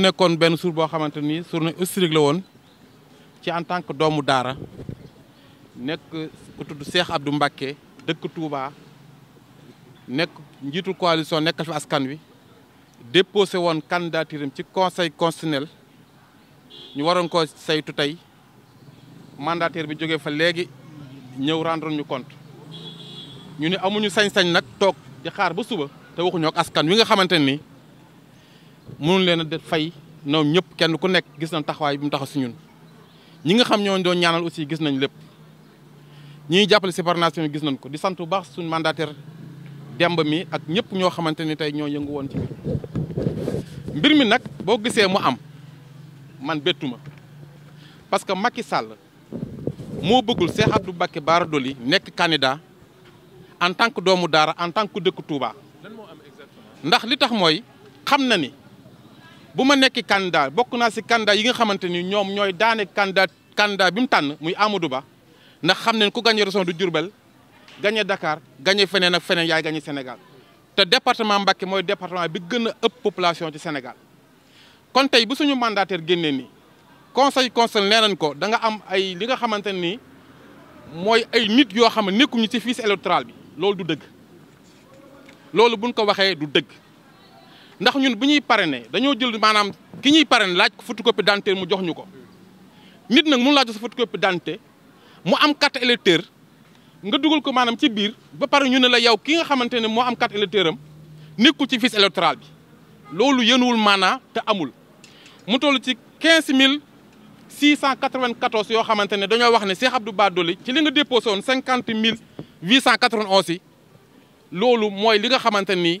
mu nekkoon benn suur boo xamante ni journée historique la woon ci en tant que doomu daara nekk ku tudd Cheikh Abdou Mbacké dëkk Touba nekk njiitu coalition nekkal fi askan wi déposé woon candidature ci conseil constitutionnel ñu waroon ko saytu tey mandataire bi jógee fa léegi ñëw rendre ñu compte ñu ne amuñu sañ-sañ nag toog di xaar ba suba te waxuñoo ak askan wi nga xamante ni mënuñ leen a fay ñoom ñëpp kenn ku nekk gis nañ taxawaay bi mu taxaw si ñun ñi nga xam ñooñu doon ñaanal aussi gis nañ lépp ñi jàppale si gis nañ ko di sant bu baax suñu mandataire demb mi ak ñëpp ñoo xamante ni tey yëngu ci mbir mi mu am man bettuma parce que Macky Sall moo bëggul Cheikh Abdou Mbacké Bara Dolly nekk candidat en tant que doomu daara en tant que dëkk Touba ndax li tax ni bu ma nekki candidat bokk naa si candidat yi nga xamante ni ñoom ñooy daane candidat candidat bi mu tànn muy Amadou Ba ndax xam ne ku gagné région du Diourbel gagné dakaar gagné feneen ak feneen yaay gagné Sénégal te département Mbacké mooy département bi gën a ëpp population ci Sénégal kon tey bu suñu mandataire génnee nii conseil conseil nee ko da nga am ay li nga xamante nii mooy ay nit yoo xam nekkuñu ci fiche électorale bi loolu du dëgg loolu buñ ko waxee du dëgg ndax ñun bu ñuy ne dañoo jël maanaam ki ñuy parrainé laaj ko photocopie d'identité mu jox ñu ko nit nag mu laaj ko sa photocopie d'identité mu am carte électeur nga dugal ko maanaam ci biir ba pare ñu ne la yow ki nga xamante ne moo am carte électeur am nekkul ci fiche électorale bi loolu yënuwul maanaa te amul mu toll ci quinze mille six cent quatre yoo xamante ne dañoo wax ne Cheikh Abdou Bara Dolly ci li nga déposé woon cinquante mille huit cent quatre loolu mooy li nga xamante nii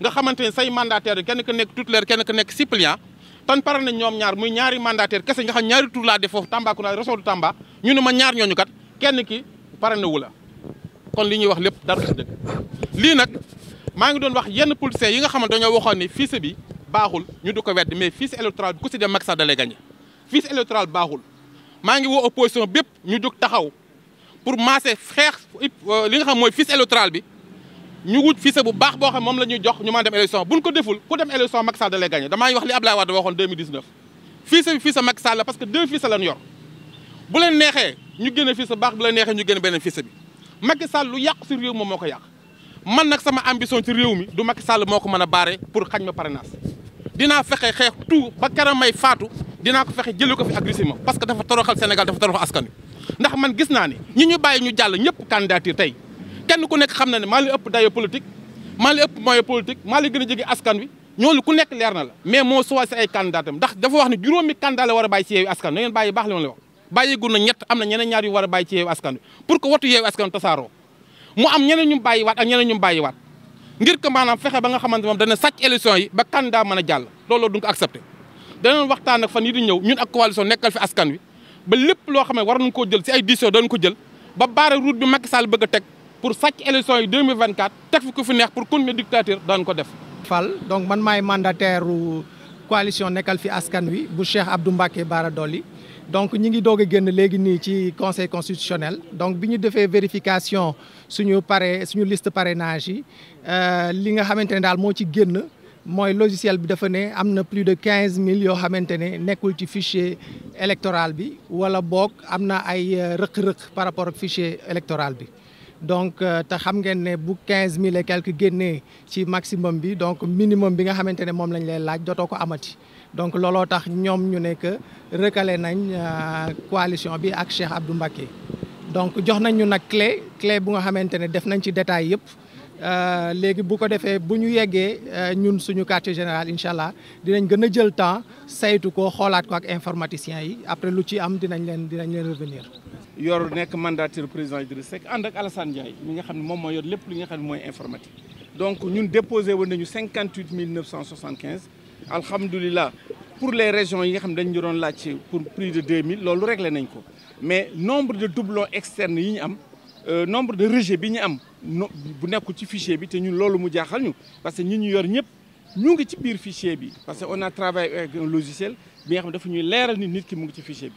nga xamante ne say mandataire kenn ku nekk tuteleur kenn ku nekk suppléant tan pare nañ ñoom ñaar muy ñaari mandataire kese nga xam ñaari tour laa def foofu Tambacounda réseau Tamba ñu ne ma ñaar ñooñu kat kenn ki pare na wula kon li ñuy wax lépp dara du dëgg lii nag maa ngi doon wax yenn politiciens yi nga xamante dañoo waxoon ni fiche bi baaxul ñu du ko wedd mais fiche électorale ku si dem Macky Sall da lay gagné fiche électorale baaxul maa ngi woo opposition bépp ñu jóg taxaw pour masser xeex euh, li nga xam mooy fiche électorale bi ñu wut fichier bu baax boo xam moom la ñuy jox ñu mën dem élection buñ ko deful ku dem élection Macky Sall da lay gagné damay wax li Abdoulaye Wade waxoon 2019 fichier bi fichier Macky la parce que deux fichier lañ yor bu leen neexee ñu génne fichier bu baax bu leen neexee ñu génne beneen fichier bi Macky lu yàq si réew moom moo ko yàq man nag sama ambition ci réew mi du Macky Sall moo ko mën a baare pour xañ ma parrainage dinaa fexe xeex tout ba keroog may faatu dinaa ko fexe jëlee ko fi agressivement parce que dafa toroxal Sénégal dafa toroxal askan wi ndax man gis naa ni ñi ñu bàyyi ñu jàll ñëpp candidature tey kenn ku nekk xam na ne maa li ëpp dayo politique maa li ëpp moyen politique maa li gën a jege askan wi ñooñu ku nekk leer na la mais moo choisi ay candidatam ndax dafa wax ne juróomi candidat la war a bàyyi ci yeewu askan na ngeen bàyyi baax li ma a bàyyi ci yeewu askan wi pour que watu yeewu askan tasaaroo mu am ñeneen ñu bàyyi waat ak ñeneen ñu bàyyi waat ngir que maanaam fexe ba nga xamante moom dana sàcc élection yi ba candidat mën a jàll looloo duñ ko accepté waxtaan ak fan yi war nañ koo jël ko jël ba baare route bi pour chaque élection 2024 teg fi ku fi pour continuer dictature daan ko def. Fall donc man maay mandataire coalition nekkal fi askan wi bu Cheikh Abdou Bara donc ñi ngi doog a conseil constitutionnel donc nous ñu defee vérification suñu pare suñu liste parrainage énergie, euh, li nga xamante ne daal moo ci logiciel bi dafa ne plus de 15 millions yoo xamante ne nekkul ci fichier électoral bi wala boog am ay euh, par rapport au fichier électoral bi donc 15 euh, xam ngeen ne bu 000 et quelques maximum bi donc minimum bi nga ne lañ lay amati donc looloo tax ñoom ñu ne que recalé nañ euh, coalition bi ak Cheikh Abdou donc jox nañ ñu nag clé clé bu nga ne def nañ ci détail euh, léegi bu ko defee bu ñu quartier général dinañ temps saytu ko xoolaat ko après lu ci am revenir yor nek mandataire président Idriss Seck and ak Alassane Ndiaye mi nga xamni mom mo yor lepp li nga xamni moy informatique donc ñun déposé woon nañu 58 975 alhamdulilah pour les régions yi nga xamni ne dañ ñu doon laajte pour plus de 2000 lolu régler nañ ko mais nombre de doublons externes yi ñu am euh, nombre de rejets bi ñu am bu nekkul ci fichier bi te ñun lolu mu jaaxal ñu parce que ñi ñu yor ñep ñu ngi ci biir fichier bi parce que on a travaillé avec un logiciel bi nga xamni ne dafa ñuy léral ni nit ki mu ngi ci fichier bi